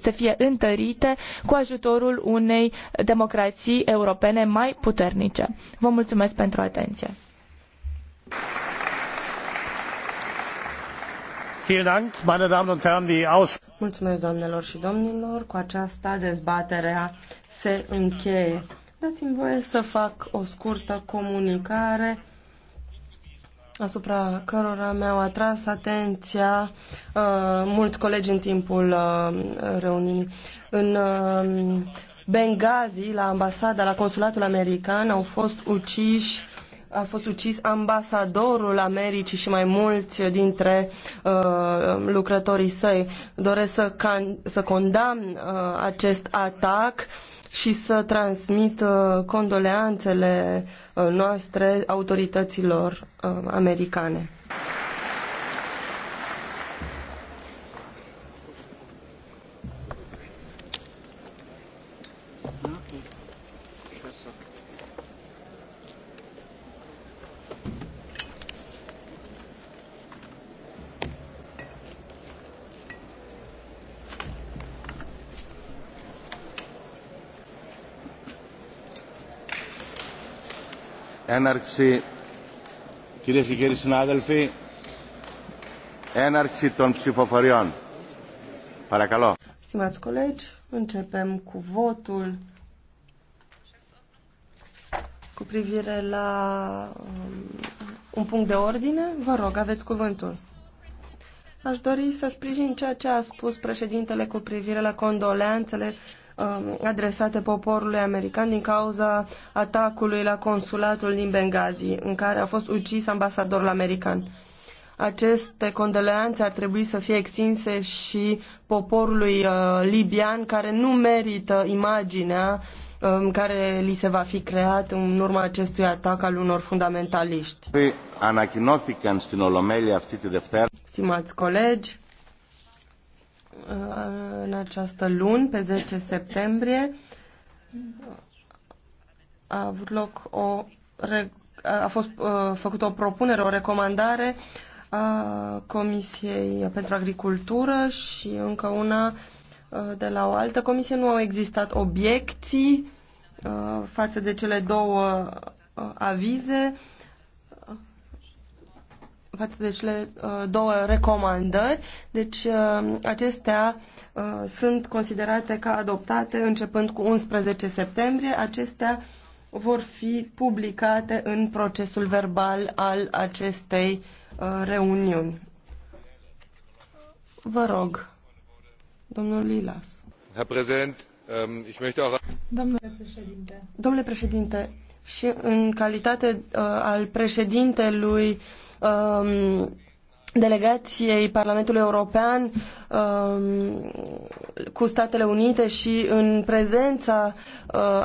să fie întărite cu ajutorul unei democrații europene mai puternice. Vă mulțumesc pentru atenție. Mulțumesc, doamnelor și domnilor. Cu aceasta dezbaterea se încheie. Dați-mi voie să fac o scurtă comunicare asupra cărora mi-au atras atenția uh, mulți colegi în timpul uh, reuniunii. În uh, Benghazi, la ambasada, la consulatul american, au fost uciși a fost ucis ambasadorul Americii și mai mulți dintre uh, lucrătorii săi. Doresc să, can- să condamn uh, acest atac și să transmit uh, condoleanțele uh, noastre autorităților uh, americane. Okay. έναρξη και κύριοι συνάδελφοι έναρξη των ψηφοφοριών παρακαλώ Stimați colegi, începem cu votul cu privire la um, un punct de ordine. Vă rog, aveți cuvântul. Aș dori să sprijin ceea ce a spus președintele cu privire la condoleanțele Um, adresate poporului american din cauza atacului la consulatul din Benghazi, în care a fost ucis ambasadorul american. Aceste condoleanțe ar trebui să fie extinse și poporului uh, libian care nu merită imaginea um, care li se va fi creat în urma acestui atac al unor fundamentaliști. Stimați colegi, Uh, în această luni, pe 10 septembrie, a avut loc o a fost uh, făcută o propunere, o recomandare a Comisiei pentru Agricultură și încă una uh, de la o altă comisie. Nu au existat obiecții față de cele două avize față de cele uh, două recomandări. Deci uh, acestea uh, sunt considerate ca adoptate începând cu 11 septembrie. Acestea vor fi publicate în procesul verbal al acestei reuniuni. Vă rog, domnul Lilas. Ähm, președinte. Domnule președinte, și în calitate uh, al președintelui um, delegației Parlamentului European um, cu Statele Unite și în prezența uh,